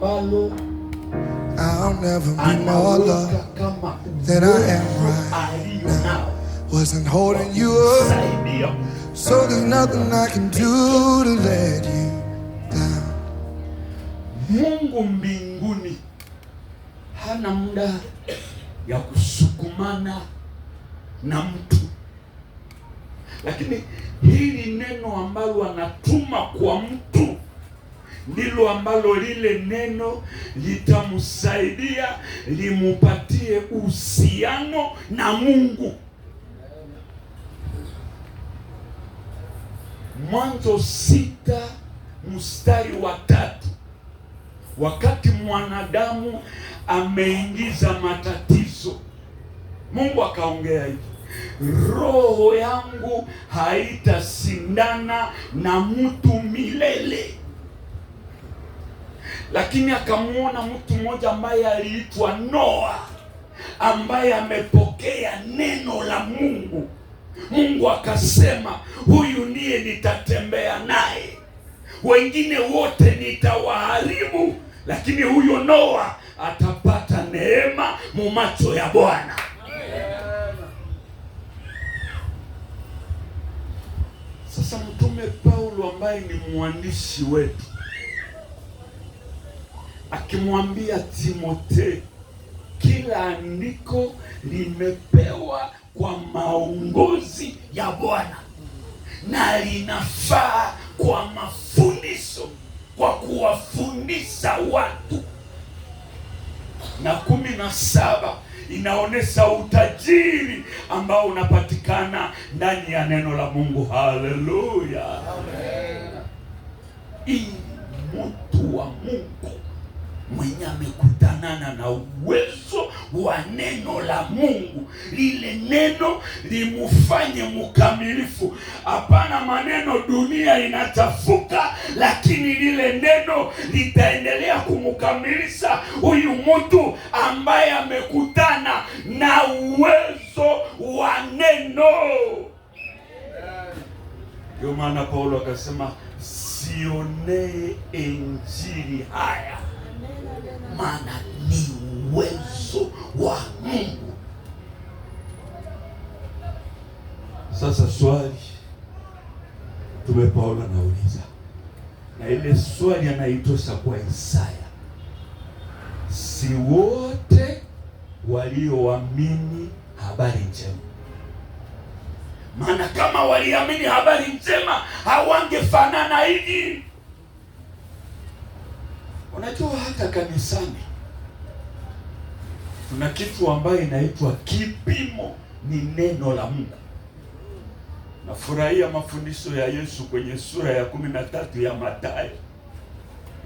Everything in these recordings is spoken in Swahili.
ambalo I'll never be more loved than I am right now. Wasn't holding you up, so there's nothing I can do to let you down. Mungu mbinguni hana muda ya kusukumana na mtu, lakini hili neno ambalo anatuma kwa mtu ndilo ambalo lile neno litamsaidia limupatie uhusiano na Mungu. Mwanzo sita mstari wa tatu. Wakati mwanadamu ameingiza matatizo, Mungu akaongea hivi, roho yangu haitasindana na mtu milele lakini akamwona mtu mmoja ambaye aliitwa Noa ambaye amepokea neno la Mungu. Mungu akasema huyu ndiye nitatembea naye, wengine wote nitawaharibu, lakini huyo Noa atapata neema mu macho ya Bwana. Sasa mtume Paulo ambaye ni mwandishi wetu akimwambia Timotheo, kila andiko limepewa kwa maongozi ya Bwana na linafaa kwa mafundisho, kwa kuwafundisha watu. Na kumi na saba inaonyesha utajiri ambao unapatikana ndani ya neno la Mungu. Haleluya! Hii mtu wa Mungu mwenye amekutanana na uwezo wa neno la Mungu, lile neno limufanye mkamilifu. Hapana maneno dunia inatafuka lakini lile neno litaendelea kumkamilisha huyu mtu ambaye amekutana na uwezo wa neno. Ndio maana Paulo akasema sionee injili haya maana ni uwezo wa Mungu. Sasa swali tume Paulo anauliza, na ile swali anaitosha kwa Isaya, si wote walioamini habari njema maana kama waliamini habari njema hawangefanana hivi. Unajua hata kanisani kuna kitu ambayo inaitwa kipimo, ni neno la Mungu. Nafurahia mafundisho ya Yesu kwenye sura ya kumi na tatu ya Mathayo,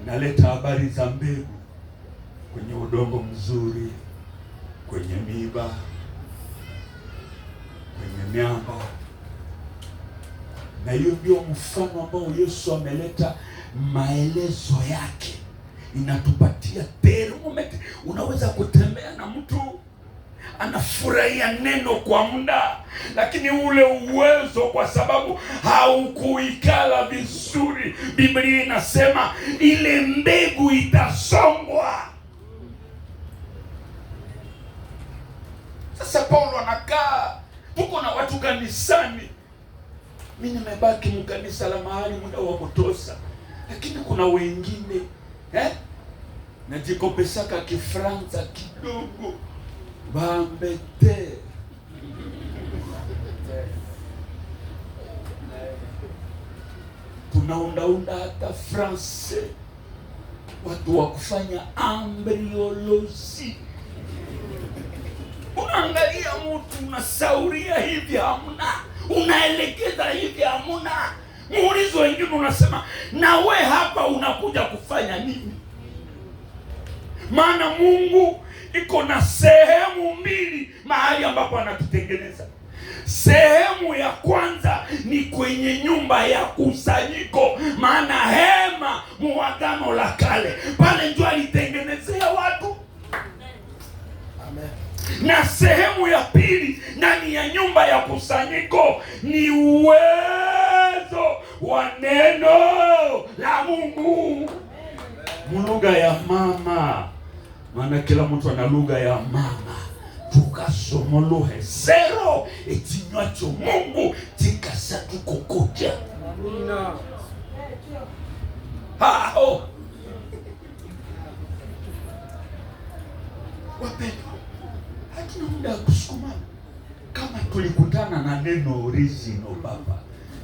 inaleta habari za mbegu kwenye udongo mzuri, kwenye miba, kwenye miamba, na hiyo ndio mfano ambao Yesu ameleta maelezo yake inatupatia thermometer. Unaweza kutembea na mtu anafurahia neno kwa muda, lakini ule uwezo, kwa sababu haukuikala vizuri, Biblia inasema ile mbegu itasongwa. Sasa Paulo anakaa tuko na watu kanisani, mi nimebaki mkanisa la mahali muda wa kutosha, lakini kuna wengine eh? najikopeshaka kifranza kidogo bambete tunaundaunda hata franse watu wa kufanya ambrioloji. Unaangalia mtu unasauria hivi hamna, unaelekeza hivi hamna, muulizo wengine unasema na we hapa unakuja kufanya nini? Maana Mungu iko na sehemu mbili mahali ambapo anatutengeneza. Sehemu ya kwanza ni kwenye nyumba ya kusanyiko, maana hema muagano la kale pale ndio alitengenezea watu Amen. Na sehemu ya pili ndani ya nyumba ya kusanyiko ni uwezo wa neno la Mungu, mulugha ya mama maana kila mtu ana lugha ya mama tukasomolohe zero itinywacho e Mungu tikasa tukokoja hao wapendwa, hatuna muda wa kusukuma. Kama tulikutana na neno original, baba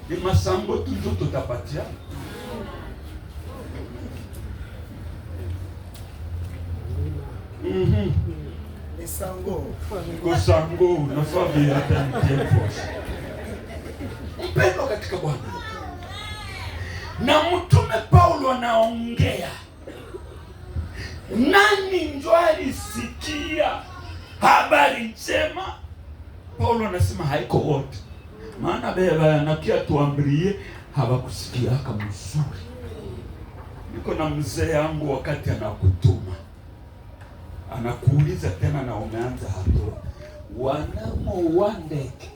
ni masambo tuzo tutapatia esango kosango hata mpendo katika Bwana na mtume Paulo anaongea nani njo alisikia habari njema? Paulo anasema haiko wote, maana anakia tuambirie hawakusikia. Kama mzuri, niko na mzee yangu wakati anakutuma anakuuliza tena, na umeanza hapo, wanamo Wandeke,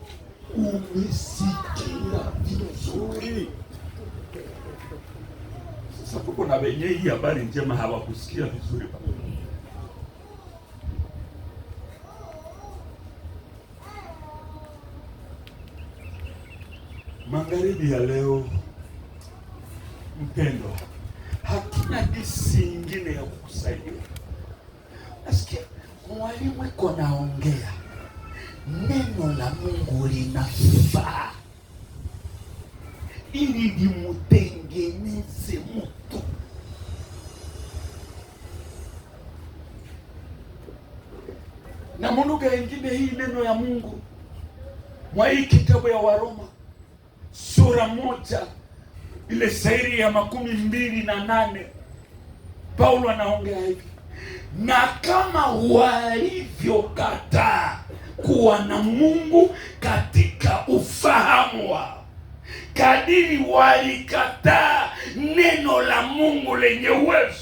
umesikia vizuri? Sasa tuko na wenye hii habari njema, hawakusikia vizuri. Magharibi ya leo, mpendo, hatuna disi nyingine ya kukusaidia Nasikia mwalimu iko naongea, neno la Mungu linafaa ili limutengeneze mtu. Na muluga ingine hii neno ya Mungu mwa hii kitabu ya Waroma sura moja ile sairi ya makumi mbili na nane Paulo anaongea hivi na kama walivyokataa kuwa na Mungu katika ufahamu wao, kadiri walikataa neno la Mungu lenye uwezo,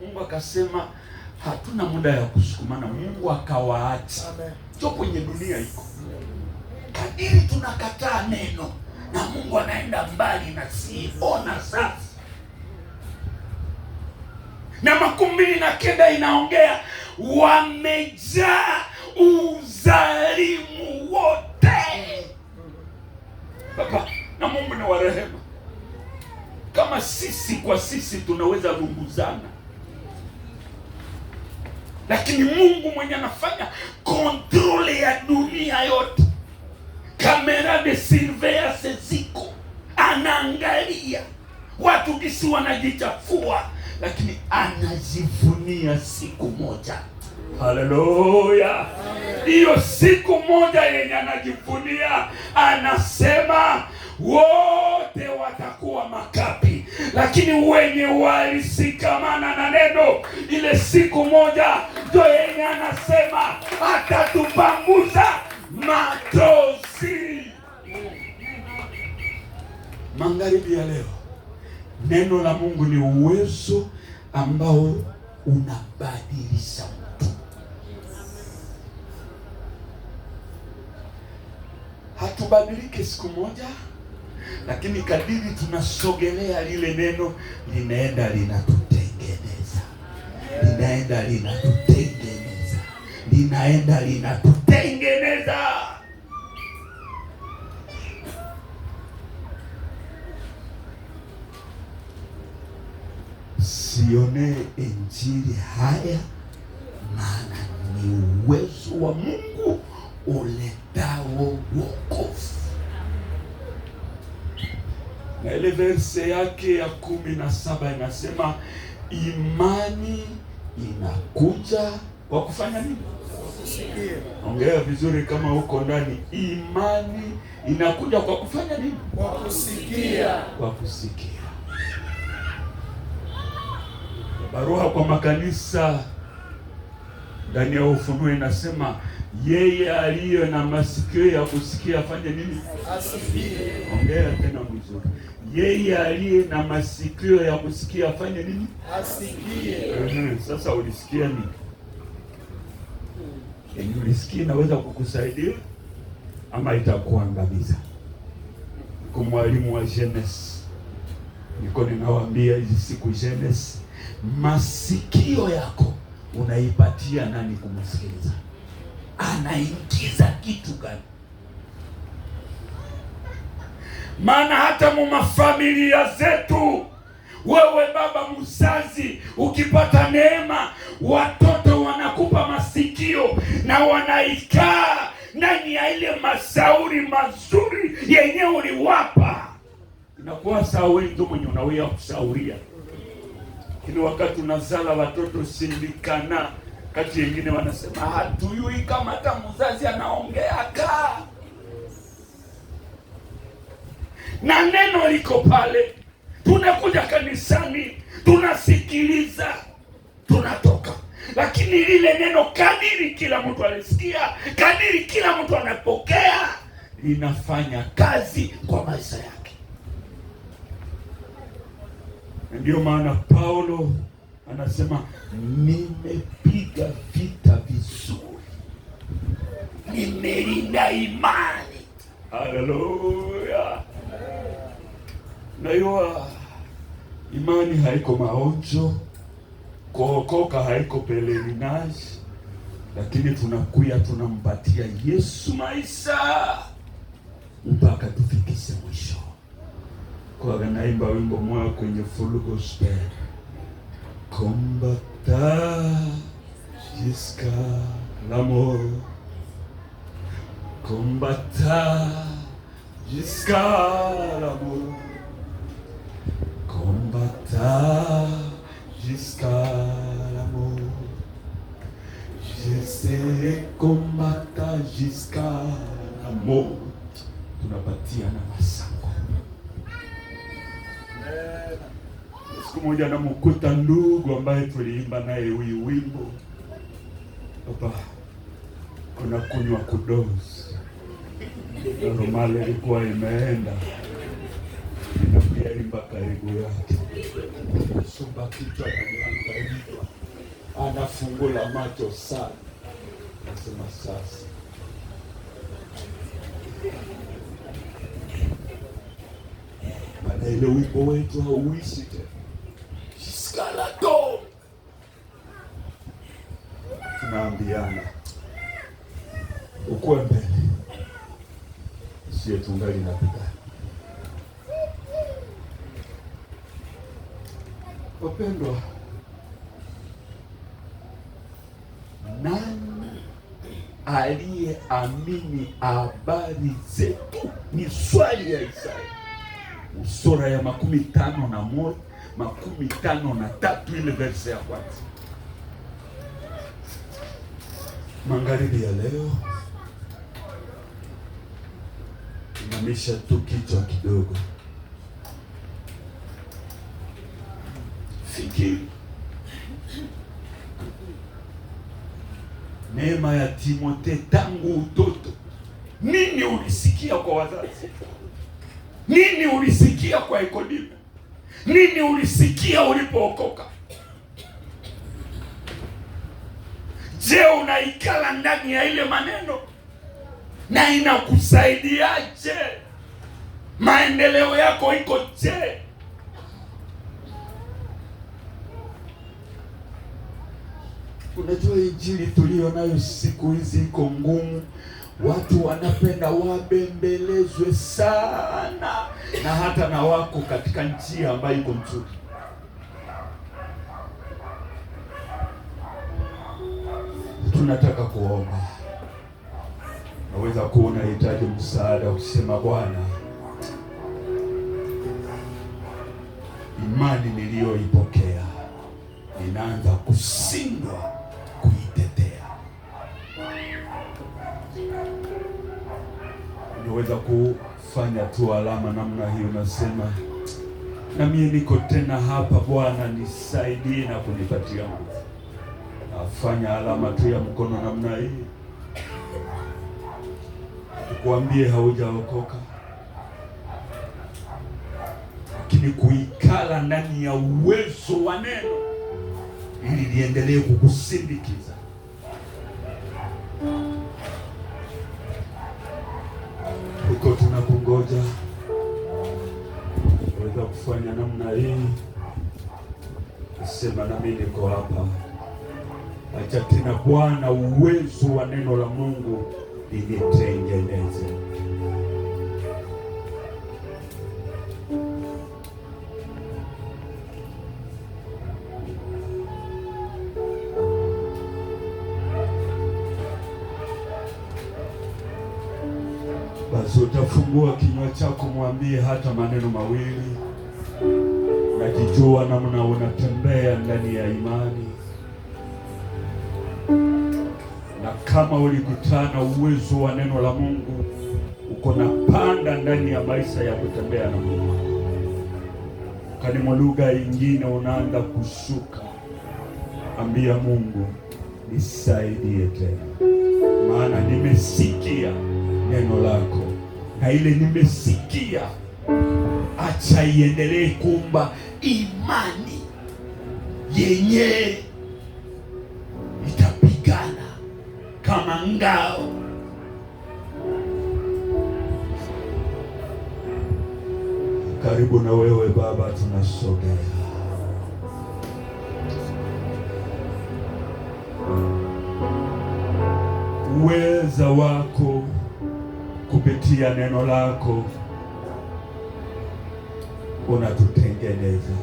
Mungu akasema hatuna muda ya kusukumana. Mungu akawaacha to kwenye dunia iko kadiri tunakataa neno na Mungu anaenda mbali na siona sasa na makumi mbili na kenda inaongea wamejaa uzalimu wote. Baba na Mungu ni wa rehema, kama sisi kwa sisi tunaweza lunguzana, lakini Mungu mwenye anafanya kontrole ya dunia yote, kamera de surveillance ziko, anaangalia watu kisi wanajichafua lakini anajivunia siku moja. Haleluya! Hiyo siku moja yenye anajivunia, anasema wote watakuwa makapi, lakini wenye walisikamana na neno, ile siku moja ndio yenye anasema atatupanguza matozi Magharibi ya leo Neno la Mungu ni uwezo ambao unabadilisha mtu. Hatubadiliki siku moja, lakini kadiri tunasogelea lile neno linaenda linatutengeneza, linaenda linatutengeneza, linaenda linatutengeneza. mjionee injili haya, maana ni uwezo wa Mungu uletao wokovu. Na ile verse yake ya kumi na saba inasema imani inakuja kwa kufanya nini? Ongea vizuri kama uko ndani. Imani inakuja kwa kufanya nini? Kwa kusikia, kwa kusikia. barua kwa makanisa ndani ya Ufunuo inasema yeye aliye na masikio ya kusikia afanye nini? Asikie. Ongea tena mzuri. Yeye aliye na masikio ya kusikia afanye nini? Asikie. Uhum. Sasa ulisikia nini? Yenye yaani ulisikia inaweza kukusaidia ama itakuangamiza. Kwa mwalimu wa Genesis niko ninawaambia hizi siku Genesis masikio yako unaipatia nani kumsikiliza? Anaingiza kitu gani? Maana hata mumafamilia zetu, wewe baba mzazi, ukipata neema, watoto wanakupa masikio na wanaikaa ndani ya ile mashauri mazuri yenyewe uliwapa, inakuwa saa wewe ndio mwenye unawea kusauria lakini wakati unazala watoto sindikana, kati yengine wanasema hatuyui ah, kama hata mzazi anaongeaka, na neno liko pale. Tunakuja kanisani, tunasikiliza, tunatoka lakini lile neno kadiri kila mtu alisikia, kadiri kila mtu anapokea, linafanya kazi kwa maisha yake. na ndiyo maana Paulo anasema nimepiga vita vizuri, nimelinda imani. Haleluya! Naiwa imani haiko maonjo, kuokoka haiko pelerinaji lakini tunakuya tunampatia Yesu maisha mpaka tufikise mwisho wanaimba wimbo mwao kwenye full gospel combata jiska lamo combata jiska lamo combata jiska lamo j'essaierai combata jiska lamo tunapatiana masa siku moja namukuta ndugu ambaye tuliimba naye huyu wimbo baba, kuna kunywa kudozi na ilikuwa imeenda inakuyaimba karibu yake sumba kichwa anaangalia, anafungula macho sana, nasema sasa baada ile wimbo wetu hauishi Skalato, tunaambiana ukwe mbele, sio tungali pita Wapendwa, nani amini habari zetu? Ni swali ya Isaya sura ya makumi tano na moja makumi tano na tatu ile verse ya kwanza. Magharibi ya leo inamisha tu kichwa kidogo, fikiri neema ya Timote tangu utoto. Nini ulisikia kwa wazazi? Nini ulisikia kwa ekodime? nini ulisikia ulipookoka? Je, unaikala ndani ya ile maneno na inakusaidiaje? Maendeleo yako iko je? Unajua, injili tuliyo nayo siku hizi iko ngumu. Watu wanapenda wabembelezwe sana na hata na wako katika njia ambayo iko nzuri. Tunataka kuomba, naweza kuwa unahitaji msaada ukisema Bwana, imani niliyoipokea inaanza kusindwa kuitetea. Unaweza ku fanya tu alama namna hiyo, nasema na mimi niko tena hapa, Bwana nisaidie na kunipatia nguvu. Afanya alama tu ya mkono namna hii, kuambie haujaokoka, lakini kuikala ndani ya uwezo wa neno ili liendelee kukusindikiza pamoja weza kufanya namna hii, kusema nami niko hapa. Acha tena Bwana uwezo wa neno la Mungu linitengeneze Yesu, utafungua kinywa chako, mwambie hata maneno mawili, najijua namna unatembea ndani ya imani, na kama ulikutana uwezo wa neno la Mungu uko na panda ndani ya maisha ya kutembea na Mungu, kalimo lugha ingine unaanza kushuka, ambia Mungu nisaidie tena, maana nimesikia neno lako na ile nimesikia, acha iendelee kuumba imani yenye itapigana kama ngao. Karibu na wewe Baba, tunasogea uweza wako kupitia neno lako unatutengeneza,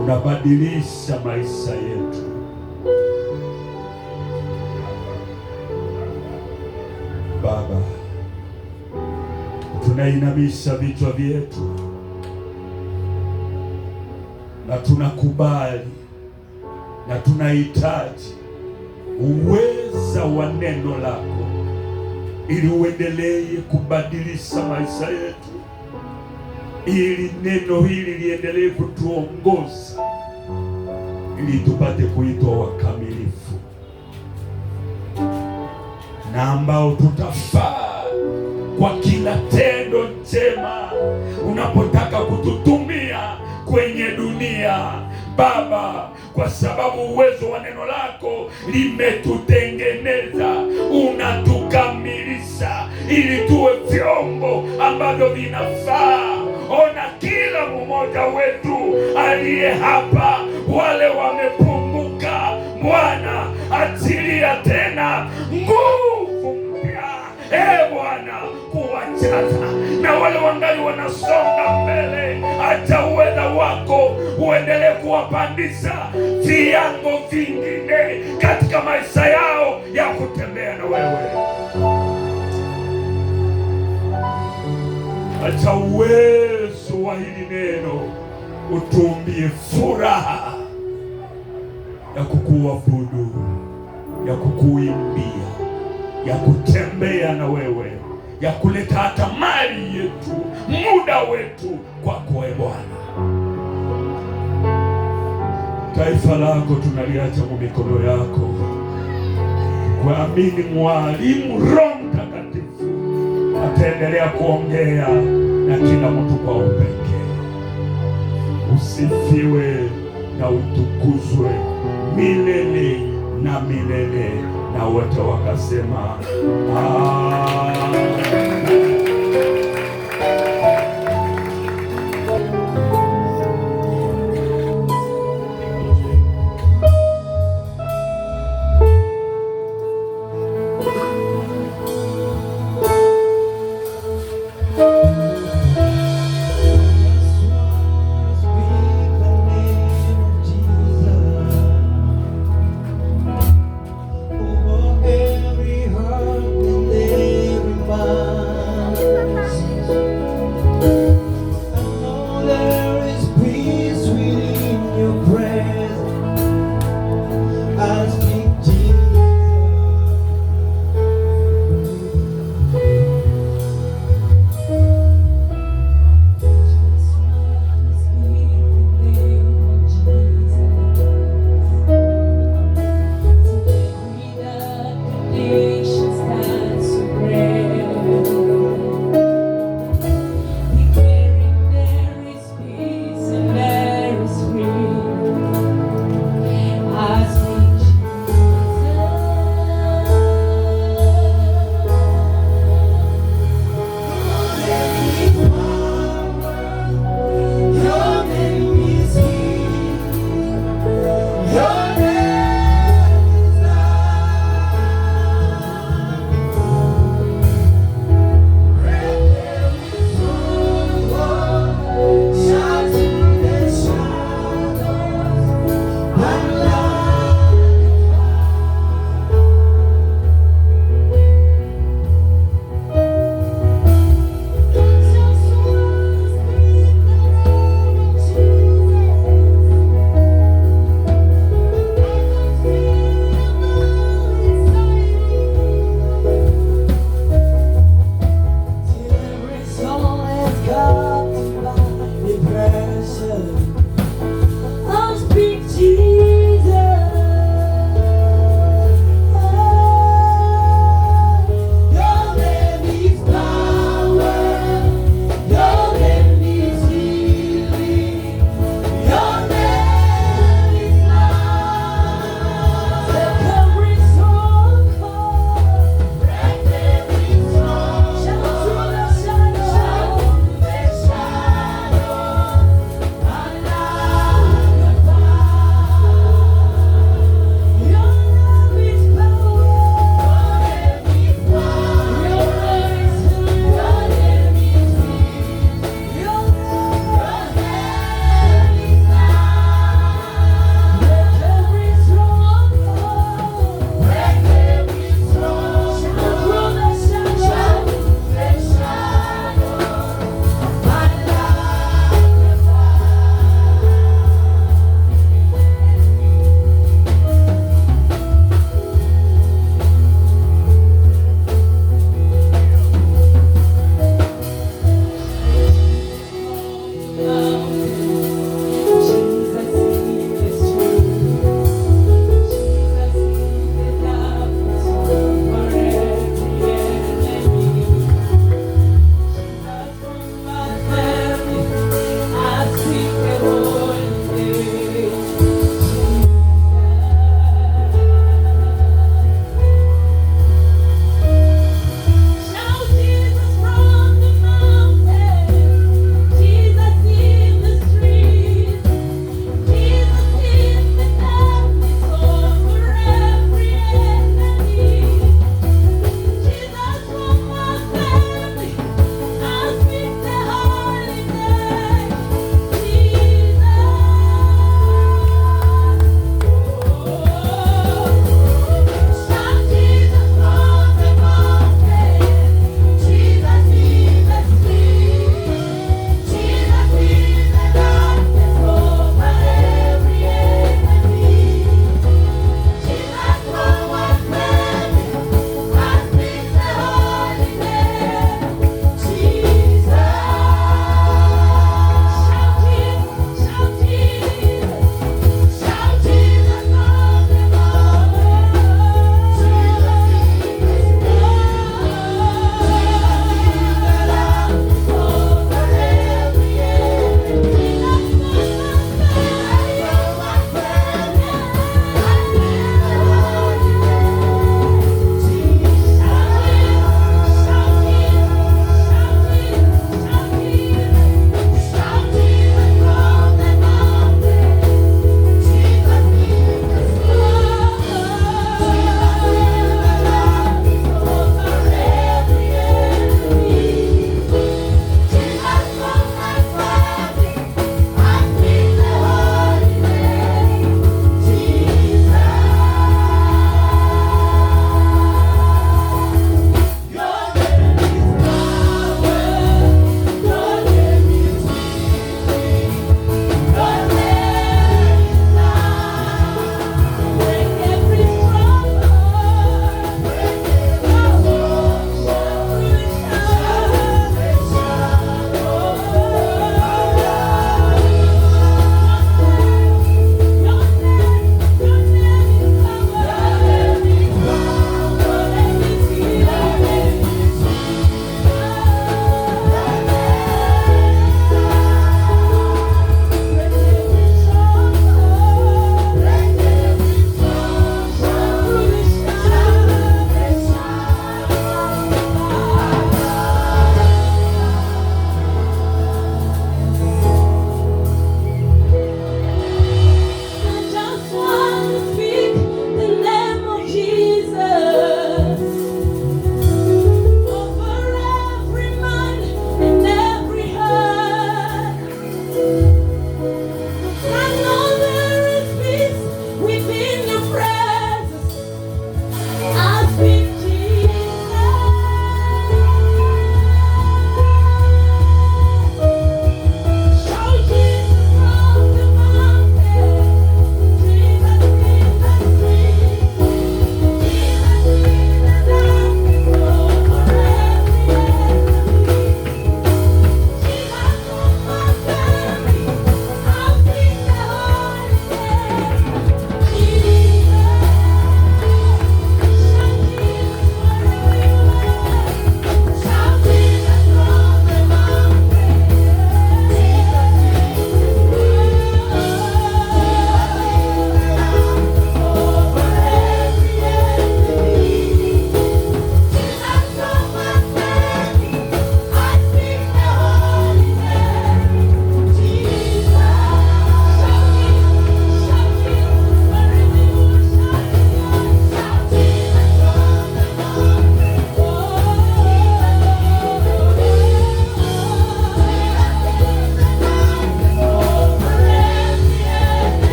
unabadilisha maisha yetu. Baba, tunainamisha vichwa vyetu na tunakubali na tunahitaji uweza wa neno lako ili uendelee kubadilisha maisha yetu, ili neno hili liendelee kutuongoza, ili tupate kuitwa wakamilifu na ambao tutafaa kwa kila tendo njema unapotaka kututumia kwenye dunia Baba kwa sababu uwezo wa neno lako limetutengeneza, unatukamilisha ili tuwe vyombo ambavyo vinafaa. Ona kila mmoja wetu aliye hapa, wale wamepumbuka Bwana achilia tena nguvu mpya, e Bwana kuwachaza na wale wangali wanasonga mbele, acha uweza wako uendelee kuwapandisha viango vingine katika maisha yao ya kutembea na wewe. Acha uwezo wa hili neno utumbie furaha ya kukuabudu, ya kukuimbia, ya kutembea na wewe ya kuleta hata mali yetu, muda wetu kwako, ewe Bwana. Taifa lako tunaliacha kwa mikono yako, kuamini mwalimu Roho Mtakatifu ataendelea kuongea na kila mtu kwa upekee. Usifiwe na utukuzwe milele na milele, na wote wakasema Amen.